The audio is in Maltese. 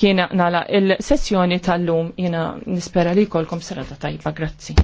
Kiena nala il-sessjoni tal-lum jena nispera li kolkom serata tajba, grazzi.